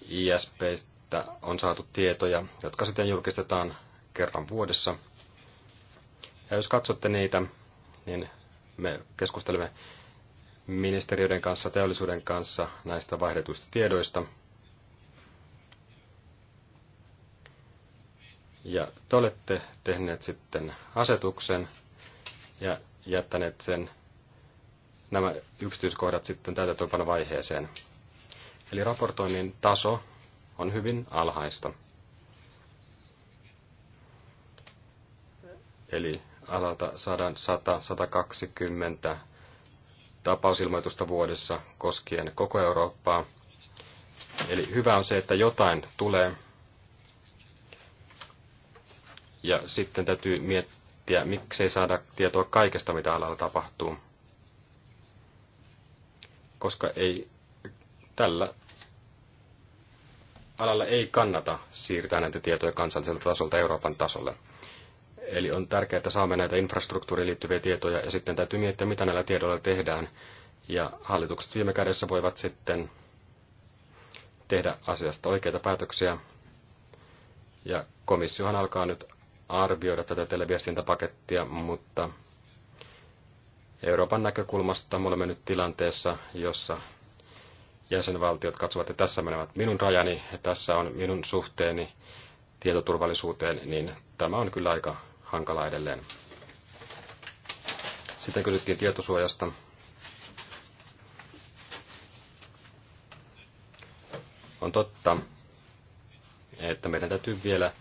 ISPistä on saatu tietoja, jotka sitten julkistetaan kerran vuodessa. Ja jos katsotte niitä, niin me keskustelemme ministeriöiden kanssa, teollisuuden kanssa näistä vaihdetuista tiedoista. Ja te olette tehneet sitten asetuksen ja jättäneet sen nämä yksityiskohdat sitten vaiheeseen Eli raportoinnin taso on hyvin alhaista. Eli alalta saadaan 100-120 tapausilmoitusta vuodessa koskien koko Eurooppaa. Eli hyvä on se, että jotain tulee. Ja sitten täytyy miettiä, miksei saada tietoa kaikesta, mitä alalla tapahtuu. Koska ei tällä alalla ei kannata siirtää näitä tietoja kansalliselta tasolta Euroopan tasolle. Eli on tärkeää, että saamme näitä infrastruktuuriin liittyviä tietoja ja sitten täytyy miettiä, mitä näillä tiedoilla tehdään. Ja hallitukset viime kädessä voivat sitten tehdä asiasta oikeita päätöksiä. Ja komissiohan alkaa nyt arvioida tätä televiestintäpakettia, mutta Euroopan näkökulmasta me olemme nyt tilanteessa, jossa jäsenvaltiot katsovat, että tässä menevät minun rajani ja tässä on minun suhteeni tietoturvallisuuteen, niin tämä on kyllä aika hankala edelleen. Sitten kysyttiin tietosuojasta. On totta, että meidän täytyy vielä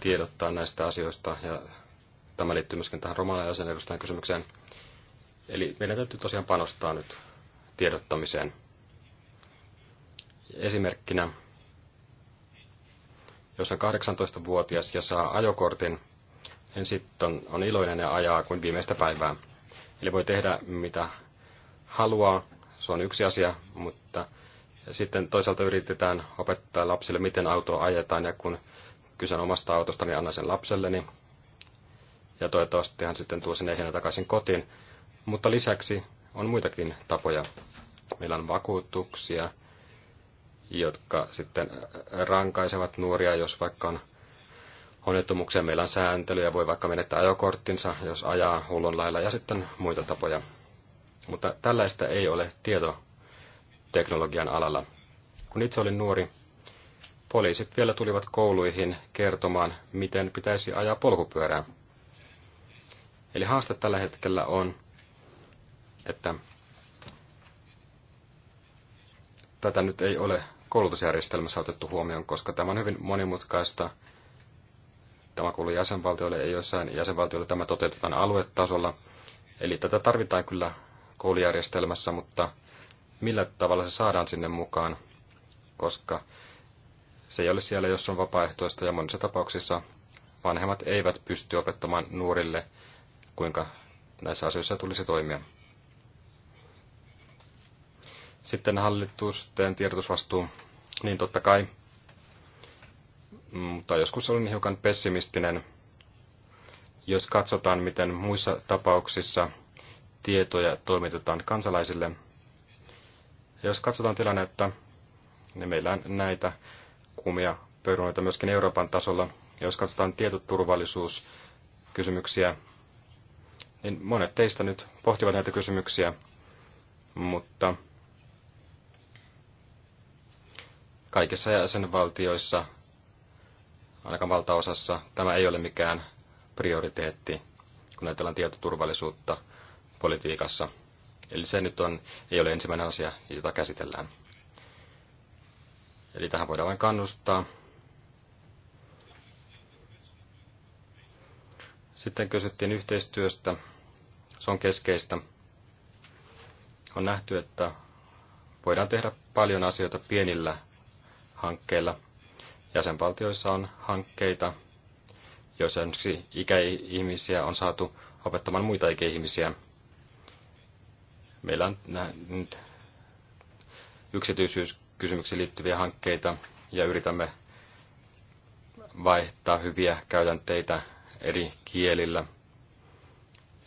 tiedottaa näistä asioista, ja tämä liittyy myöskin tähän romalaisen edustajan kysymykseen. Eli meidän täytyy tosiaan panostaa nyt tiedottamiseen. Esimerkkinä, jos on 18-vuotias ja saa ajokortin, niin sitten on iloinen ja ajaa kuin viimeistä päivää. Eli voi tehdä mitä haluaa, se on yksi asia, mutta sitten toisaalta yritetään opettaa lapsille, miten autoa ajetaan, ja kun kysyn omasta autosta, niin annan sen lapselleni. Ja toivottavasti hän sitten tuo sen ehjänä takaisin kotiin. Mutta lisäksi on muitakin tapoja. Meillä on vakuutuksia, jotka sitten rankaisevat nuoria, jos vaikka on onnettomuuksia. Meillä on sääntelyjä, voi vaikka menettää ajokorttinsa, jos ajaa hullun lailla, ja sitten muita tapoja. Mutta tällaista ei ole tietoteknologian alalla. Kun itse olin nuori, poliisit vielä tulivat kouluihin kertomaan, miten pitäisi ajaa polkupyörää. Eli haaste tällä hetkellä on, että tätä nyt ei ole koulutusjärjestelmässä otettu huomioon, koska tämä on hyvin monimutkaista Tämä kuuluu jäsenvaltioille ja joissain jäsenvaltioilla tämä toteutetaan aluetasolla. Eli tätä tarvitaan kyllä koulujärjestelmässä, mutta millä tavalla se saadaan sinne mukaan, koska se ei ole siellä, jos on vapaaehtoista ja monissa tapauksissa vanhemmat eivät pysty opettamaan nuorille, kuinka näissä asioissa tulisi toimia. Sitten hallitusten tiedotusvastuu, niin totta kai mutta joskus olen hiukan pessimistinen. Jos katsotaan, miten muissa tapauksissa tietoja toimitetaan kansalaisille, ja jos katsotaan tilannetta, niin meillä on näitä kumia perunoita myöskin Euroopan tasolla. Ja jos katsotaan tietoturvallisuuskysymyksiä, niin monet teistä nyt pohtivat näitä kysymyksiä, mutta kaikissa jäsenvaltioissa ainakaan valtaosassa, tämä ei ole mikään prioriteetti, kun ajatellaan tietoturvallisuutta politiikassa. Eli se nyt on, ei ole ensimmäinen asia, jota käsitellään. Eli tähän voidaan vain kannustaa. Sitten kysyttiin yhteistyöstä. Se on keskeistä. On nähty, että voidaan tehdä paljon asioita pienillä hankkeilla – jäsenvaltioissa on hankkeita, joissa esimerkiksi ikäihmisiä on saatu opettamaan muita ikäihmisiä. Meillä on nyt yksityisyyskysymyksiin liittyviä hankkeita ja yritämme vaihtaa hyviä käytänteitä eri kielillä.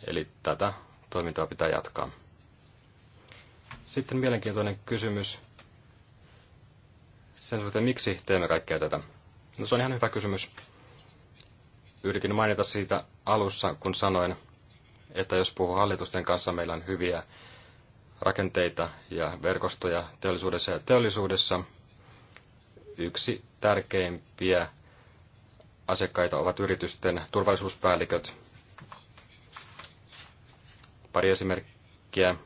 Eli tätä toimintaa pitää jatkaa. Sitten mielenkiintoinen kysymys sen suhteen, miksi teemme kaikkea tätä? No se on ihan hyvä kysymys. Yritin mainita siitä alussa, kun sanoin, että jos puhuu hallitusten kanssa, meillä on hyviä rakenteita ja verkostoja teollisuudessa ja teollisuudessa. Yksi tärkeimpiä asiakkaita ovat yritysten turvallisuuspäälliköt. Pari esimerkkiä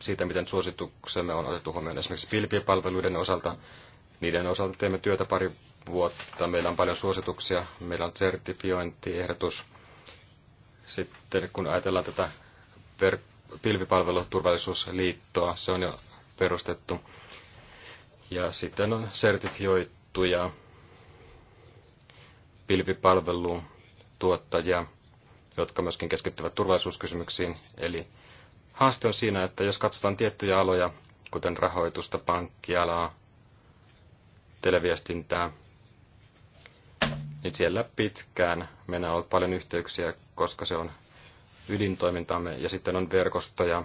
siitä, miten suosituksemme on otettu huomioon esimerkiksi pilvipalveluiden osalta. Niiden osalta teemme työtä pari vuotta. Meillä on paljon suosituksia. Meillä on sertifiointiehdotus. Sitten kun ajatellaan tätä ver- pilvipalveluturvallisuusliittoa, se on jo perustettu. Ja sitten on sertifioituja pilvipalvelutuottajia, jotka myöskin keskittyvät turvallisuuskysymyksiin, eli haaste on siinä, että jos katsotaan tiettyjä aloja, kuten rahoitusta, pankkialaa, televiestintää, niin siellä pitkään meillä on ollut paljon yhteyksiä, koska se on ydintoimintamme, ja sitten on verkostoja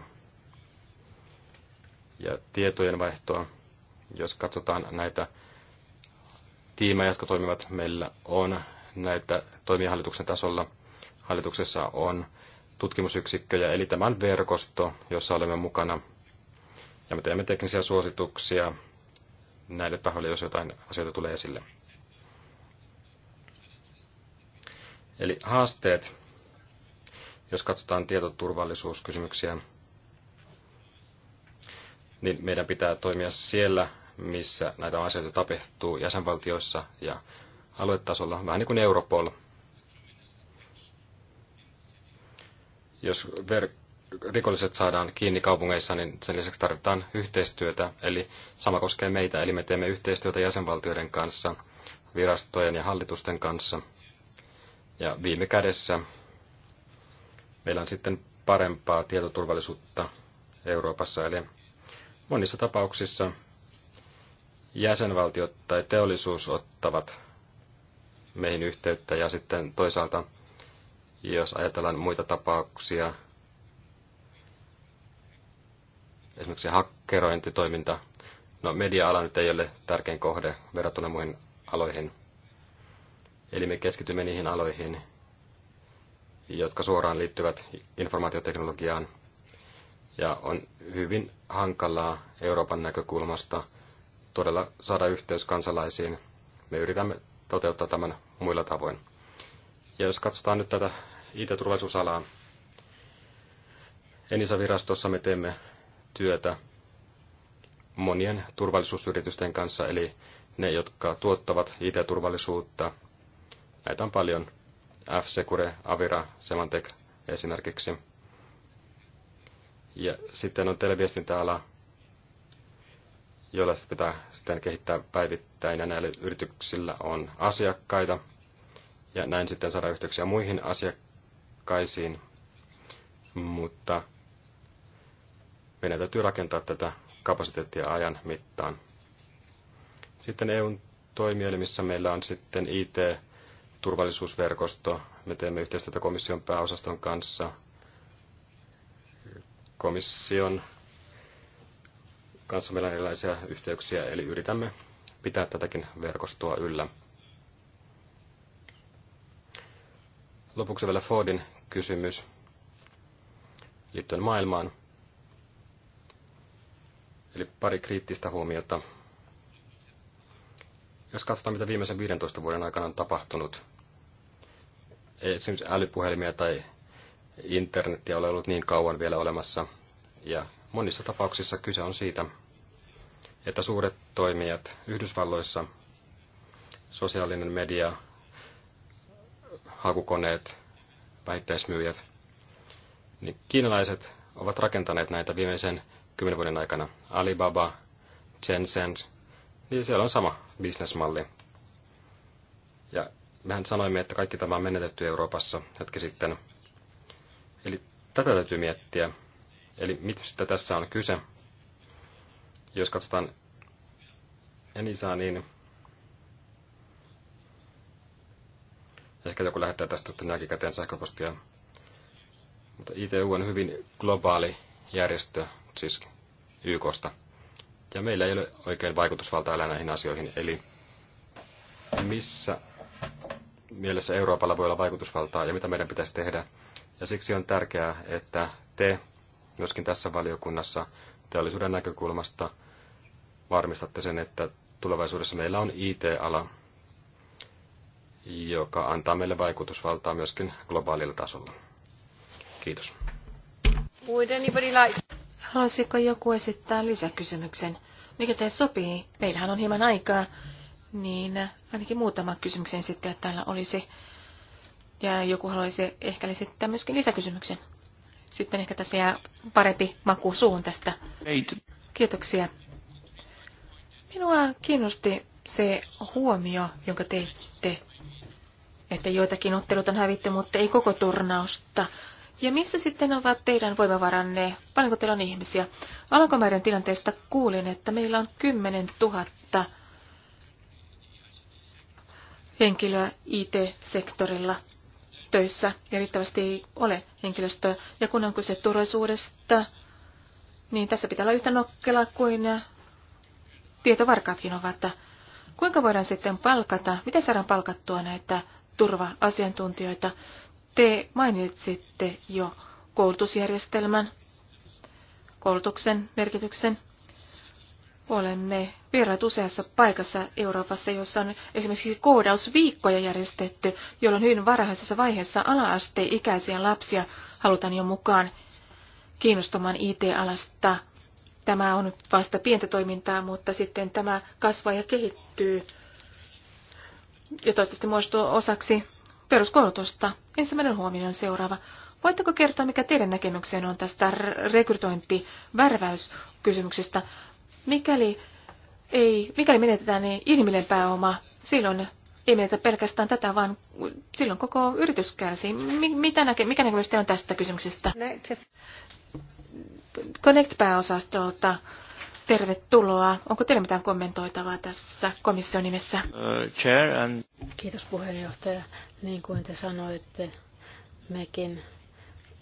ja tietojen vaihtoa. Jos katsotaan näitä tiimejä, jotka toimivat, meillä on näitä toimijahallituksen tasolla. Hallituksessa on tutkimusyksikköjä, eli tämän verkosto, jossa olemme mukana. Ja me teemme teknisiä suosituksia näille tahoille, jos jotain asioita tulee esille. Eli haasteet, jos katsotaan tietoturvallisuuskysymyksiä, niin meidän pitää toimia siellä, missä näitä asioita tapahtuu jäsenvaltioissa ja aluetasolla, vähän niin kuin Europol – Jos ver- rikolliset saadaan kiinni kaupungeissa, niin sen lisäksi tarvitaan yhteistyötä. Eli sama koskee meitä, eli me teemme yhteistyötä jäsenvaltioiden kanssa, virastojen ja hallitusten kanssa. Ja viime kädessä meillä on sitten parempaa tietoturvallisuutta Euroopassa. Eli monissa tapauksissa jäsenvaltiot tai teollisuus ottavat meihin yhteyttä ja sitten toisaalta jos ajatellaan muita tapauksia, esimerkiksi hakkerointitoiminta, no media-ala nyt ei ole tärkein kohde verrattuna muihin aloihin. Eli me keskitymme niihin aloihin, jotka suoraan liittyvät informaatioteknologiaan. Ja on hyvin hankalaa Euroopan näkökulmasta todella saada yhteys kansalaisiin. Me yritämme toteuttaa tämän muilla tavoin. Ja jos katsotaan nyt tätä IT-turvallisuusalaa, Enisa-virastossa me teemme työtä monien turvallisuusyritysten kanssa, eli ne, jotka tuottavat IT-turvallisuutta. Näitä on paljon. F-Secure, Avira, Semantec esimerkiksi. Ja sitten on televiestintäala, jolla sitä pitää sitten kehittää päivittäin, ja näillä yrityksillä on asiakkaita, ja näin sitten saada yhteyksiä muihin asiakkaisiin, mutta meidän täytyy rakentaa tätä kapasiteettia ajan mittaan. Sitten EUn toimielimissä meillä on sitten IT-turvallisuusverkosto. Me teemme yhteistyötä komission pääosaston kanssa. Komission kanssa meillä on erilaisia yhteyksiä, eli yritämme pitää tätäkin verkostoa yllä. Lopuksi vielä Fordin kysymys liittyen maailmaan. Eli pari kriittistä huomiota. Jos katsotaan, mitä viimeisen 15 vuoden aikana on tapahtunut, ei esimerkiksi älypuhelimia tai internetiä ole ollut niin kauan vielä olemassa. Ja monissa tapauksissa kyse on siitä, että suuret toimijat Yhdysvalloissa, sosiaalinen media, hakukoneet, vähittäismyyjät, niin kiinalaiset ovat rakentaneet näitä viimeisen kymmenen vuoden aikana. Alibaba, Tencent, niin siellä on sama bisnesmalli. Ja mehän sanoimme, että kaikki tämä on menetetty Euroopassa hetki sitten. Eli tätä täytyy miettiä. Eli mistä tässä on kyse? Jos katsotaan Enisaa, niin Ehkä joku lähettää tästä sitten jälkikäteen sähköpostia. Mutta ITU on hyvin globaali järjestö, siis YKsta. Ja meillä ei ole oikein vaikutusvaltaa elää näihin asioihin. Eli missä mielessä Euroopalla voi olla vaikutusvaltaa ja mitä meidän pitäisi tehdä. Ja siksi on tärkeää, että te myöskin tässä valiokunnassa teollisuuden näkökulmasta varmistatte sen, että tulevaisuudessa meillä on IT-ala, joka antaa meille vaikutusvaltaa myöskin globaalilla tasolla. Kiitos. Haluaisiko joku esittää lisäkysymyksen? Mikä teille sopii? Meillähän on hieman aikaa, niin ainakin muutama kysymyksen sitten täällä olisi. Ja joku haluaisi ehkä esittää myöskin lisäkysymyksen. Sitten ehkä tässä jää parempi maku suun tästä. Kiitoksia. Minua kiinnosti se huomio, jonka teitte että joitakin otteluita on hävitty, mutta ei koko turnausta. Ja missä sitten ovat teidän voimavaranne? Paljonko teillä on ihmisiä? Alankomäärän tilanteesta kuulin, että meillä on 10 000 henkilöä IT-sektorilla töissä ja riittävästi ei ole henkilöstöä. Ja kun on kyse turvallisuudesta, niin tässä pitää olla yhtä nokkela kuin tietovarkaatkin ovat. Kuinka voidaan sitten palkata, miten saadaan palkattua näitä turva-asiantuntijoita. Te mainitsitte jo koulutusjärjestelmän, koulutuksen merkityksen. Olemme vieraat useassa paikassa Euroopassa, jossa on esimerkiksi koodausviikkoja järjestetty, jolloin hyvin varhaisessa vaiheessa ala-asteikäisiä lapsia halutaan jo mukaan kiinnostamaan IT-alasta. Tämä on vasta pientä toimintaa, mutta sitten tämä kasvaa ja kehittyy ja toivottavasti muodostuu osaksi peruskoulutusta. Ensimmäinen huomio on seuraava. Voitteko kertoa, mikä teidän näkemykseen on tästä rekrytointi Mikäli, ei, mikäli menetetään niin inhimillinen pääoma, silloin ei menetä pelkästään tätä, vaan silloin koko yritys kärsii. Mitä näke, mikä näkemys on tästä kysymyksestä? Connect-pääosastolta. Connect Tervetuloa. Onko teillä mitään kommentoitavaa tässä komission nimessä? Uh, chair and... Kiitos puheenjohtaja. Niin kuin te sanoitte, mekin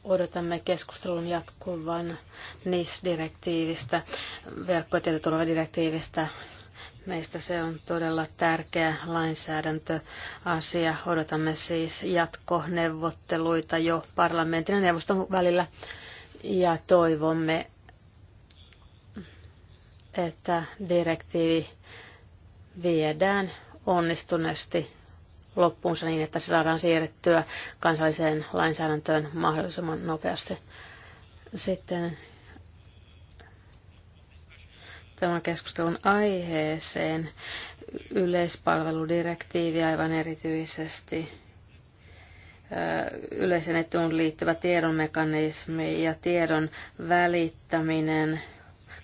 odotamme keskustelun jatkuvan NIS-direktiivistä, verkko- ja Meistä se on todella tärkeä lainsäädäntöasia. Odotamme siis jatkoneuvotteluita jo parlamentin ja neuvoston välillä ja toivomme, että direktiivi viedään onnistuneesti loppuunsa niin, että se saadaan siirrettyä kansalliseen lainsäädäntöön mahdollisimman nopeasti. Sitten tämän keskustelun aiheeseen yleispalveludirektiivi aivan erityisesti yleisen etuun liittyvä tiedonmekanismi ja tiedon välittäminen –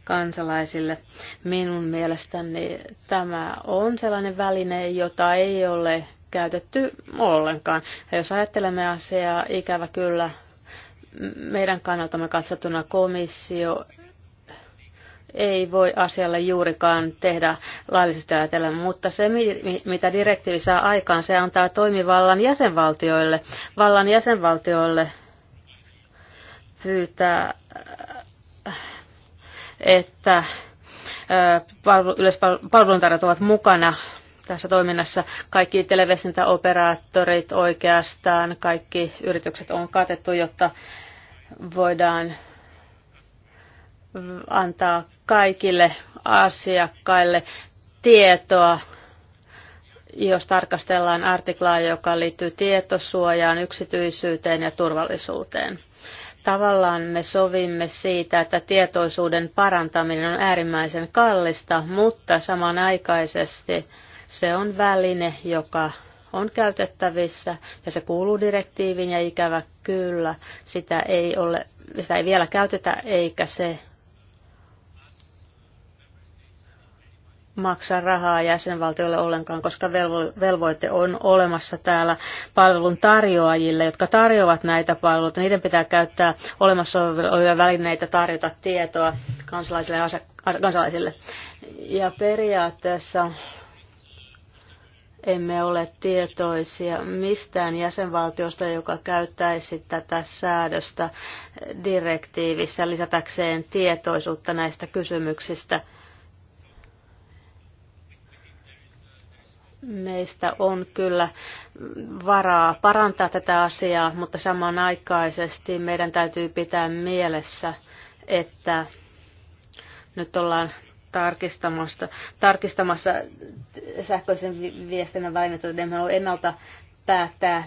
kansalaisille. Minun mielestäni tämä on sellainen väline, jota ei ole käytetty ollenkaan. Ja jos ajattelemme asiaa, ikävä kyllä, meidän kannaltamme katsottuna komissio ei voi asialle juurikaan tehdä laillisesti ajatellen, mutta se, mitä direktiivi saa aikaan, se antaa toimivallan jäsenvaltioille, vallan jäsenvaltioille pyytää että yleispalveluntarjot ovat mukana tässä toiminnassa. Kaikki televisintäoperaattorit oikeastaan, kaikki yritykset on katettu, jotta voidaan antaa kaikille asiakkaille tietoa, jos tarkastellaan artiklaa, joka liittyy tietosuojaan, yksityisyyteen ja turvallisuuteen. Tavallaan me sovimme siitä, että tietoisuuden parantaminen on äärimmäisen kallista, mutta samanaikaisesti se on väline, joka on käytettävissä ja se kuuluu direktiiviin ja ikävä kyllä sitä ei, ole, sitä ei vielä käytetä eikä se maksaa rahaa jäsenvaltioille ollenkaan, koska velvoite on olemassa täällä palvelun tarjoajille, jotka tarjoavat näitä palveluita. Niiden pitää käyttää olemassa olevia välineitä tarjota tietoa kansalaisille ja kansalaisille. Ja periaatteessa emme ole tietoisia mistään jäsenvaltiosta, joka käyttäisi tätä säädöstä direktiivissä lisätäkseen tietoisuutta näistä kysymyksistä – meistä on kyllä varaa parantaa tätä asiaa, mutta samanaikaisesti meidän täytyy pitää mielessä, että nyt ollaan tarkistamassa, tarkistamassa sähköisen viestinnän välineitä, että on ennalta päättää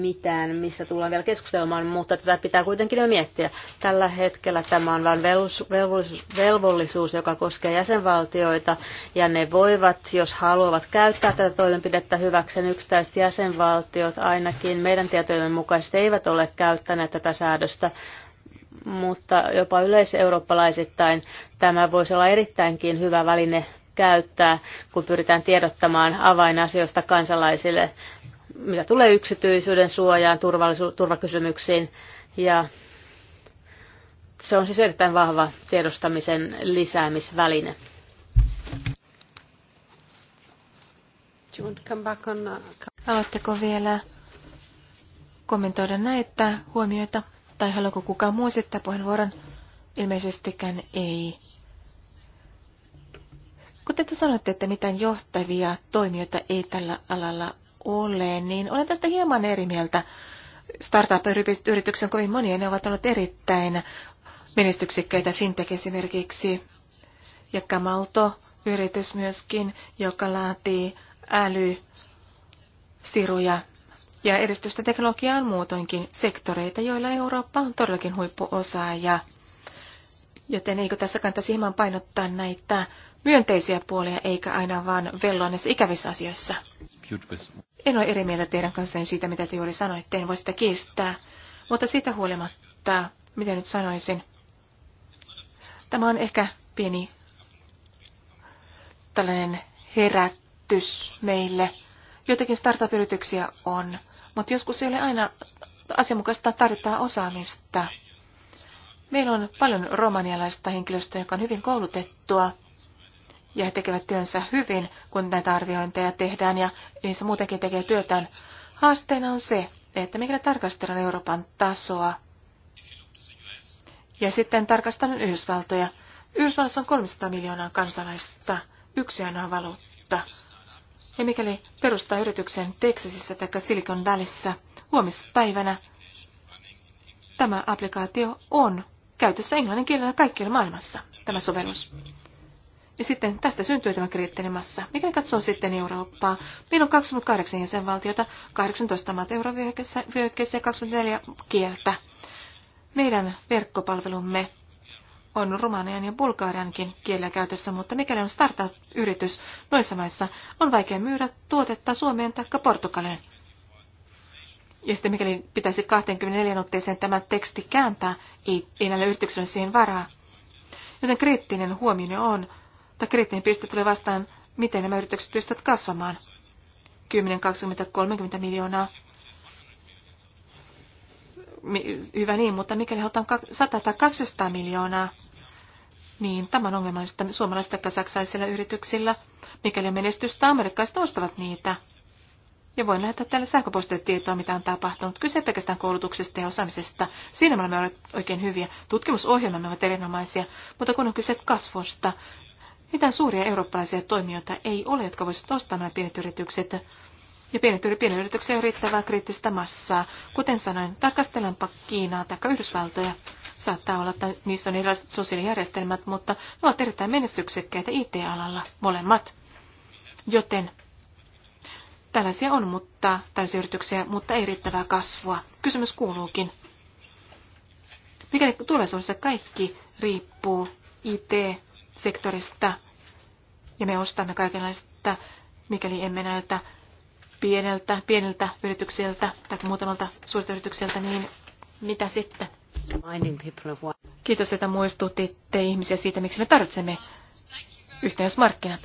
mitään, mistä tullaan vielä keskustelemaan, mutta tätä pitää kuitenkin jo miettiä. Tällä hetkellä tämä on vain velvollisuus, velvollisuus, joka koskee jäsenvaltioita, ja ne voivat, jos haluavat käyttää tätä toimenpidettä hyväkseen, yksittäiset jäsenvaltiot ainakin meidän tietojen mukaisesti eivät ole käyttäneet tätä säädöstä, mutta jopa yleiseurooppalaisittain tämä voisi olla erittäinkin hyvä väline käyttää, kun pyritään tiedottamaan avainasioista kansalaisille mitä tulee yksityisyyden suojaan, turvallisu- turvakysymyksiin. Ja se on siis erittäin vahva tiedostamisen lisäämisväline. Uh, Haluatteko vielä kommentoida näitä huomioita? Tai haluatko kukaan muu sitten puheenvuoron? Ilmeisestikään ei. Kuten te sanoitte, että mitään johtavia toimijoita ei tällä alalla ole, niin olen tästä hieman eri mieltä. Startup-yrityksen kovin monia, ne ovat olleet erittäin menestyksekkäitä, fintech esimerkiksi, ja Kamalto-yritys myöskin, joka laatii älysiruja ja edistystä teknologiaan muutoinkin sektoreita, joilla Eurooppa on todellakin huippuosaaja. Joten eikö tässä kannattaisi hieman painottaa näitä myönteisiä puolia, eikä aina vaan velloa näissä ikävissä asioissa. En ole eri mieltä teidän kanssanne siitä, mitä te juuri sanoitte, en voi sitä kiistää, mutta siitä huolimatta, mitä nyt sanoisin, tämä on ehkä pieni tällainen herätys meille. Joitakin startup-yrityksiä on, mutta joskus ei ole aina asianmukaista tarvittaa osaamista. Meillä on paljon romanialaista henkilöstöä, joka on hyvin koulutettua, ja he tekevät työnsä hyvin, kun näitä arviointeja tehdään ja niissä muutenkin tekee työtään. Haasteena on se, että mikä tarkastellaan Euroopan tasoa ja sitten tarkastellaan Yhdysvaltoja. Yhdysvallassa on 300 miljoonaa kansalaista, yksi ainoa valuutta. Ja mikäli perustaa yrityksen Texasissa tai Silicon välissä huomispäivänä, tämä applikaatio on käytössä englannin kielellä kaikkialla maailmassa, tämä sovellus. Ja sitten tästä syntyy tämä kriittinen massa. Mikäli katsoo sitten Eurooppaa, meillä on 28 jäsenvaltiota, 18 maat eurovyöhykkeessä ja 24 kieltä. Meidän verkkopalvelumme on romanian ja Bulgariankin kielellä käytössä, mutta mikäli on startup-yritys noissa maissa, on vaikea myydä tuotetta Suomeen tai Portugaliin. Ja sitten mikäli pitäisi 24 otteeseen tämä teksti kääntää, ei, ei näille yrityksille siihen varaa. Joten kriittinen huomio on, mutta kriittinen piste tulee vastaan, miten nämä yritykset pystyvät kasvamaan. 10, 20, 30 miljoonaa. Hyvä niin, mutta mikäli halutaan 100 tai 200 miljoonaa, niin tämä on ongelmallista suomalaisilla tai saksaisilla yrityksillä. Mikäli menestystä amerikkalaiset ostavat niitä. Ja voin lähettää tälle sähköpostille tietoa, mitä on tapahtunut. Kyse pelkästään koulutuksesta ja osaamisesta. Siinä me olemme oikein hyviä. Tutkimusohjelmamme ovat erinomaisia, mutta kun on kyse kasvusta, mitään suuria eurooppalaisia toimijoita ei ole, jotka voisivat ostaa nämä pienet yritykset. Ja pienet, pienet yrityksiä on riittävää kriittistä massaa. Kuten sanoin, tarkastellaanpa Kiinaa tai Yhdysvaltoja. Saattaa olla, että niissä on erilaiset sosiaalijärjestelmät, mutta ne ovat erittäin menestyksekkäitä IT-alalla, molemmat. Joten tällaisia on, mutta tällaisia yrityksiä, mutta ei riittävää kasvua. Kysymys kuuluukin. Mikäli tulevaisuudessa kaikki riippuu IT sektorista ja me ostamme kaikenlaista, mikäli emme näiltä pieneltä, pieniltä yrityksiltä tai muutamalta suurta yritykseltä, niin mitä sitten? Kiitos, että muistutitte ihmisiä siitä, miksi me tarvitsemme yhteismarkkinat.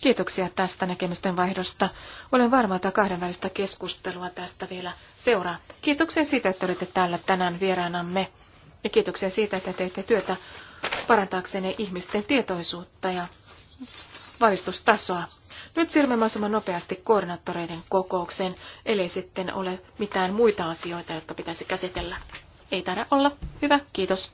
Kiitoksia tästä näkemysten vaihdosta. Olen varma, että kahdenvälistä keskustelua tästä vielä seuraa. Kiitoksia siitä, että olitte täällä tänään vieraanamme. Ja kiitoksia siitä, että teitte työtä parantaakseen ihmisten tietoisuutta ja valistustasoa. Nyt siirrymme mahdollisimman nopeasti koordinaattoreiden kokoukseen, eli sitten ole mitään muita asioita, jotka pitäisi käsitellä. Ei taida olla. Hyvä, kiitos.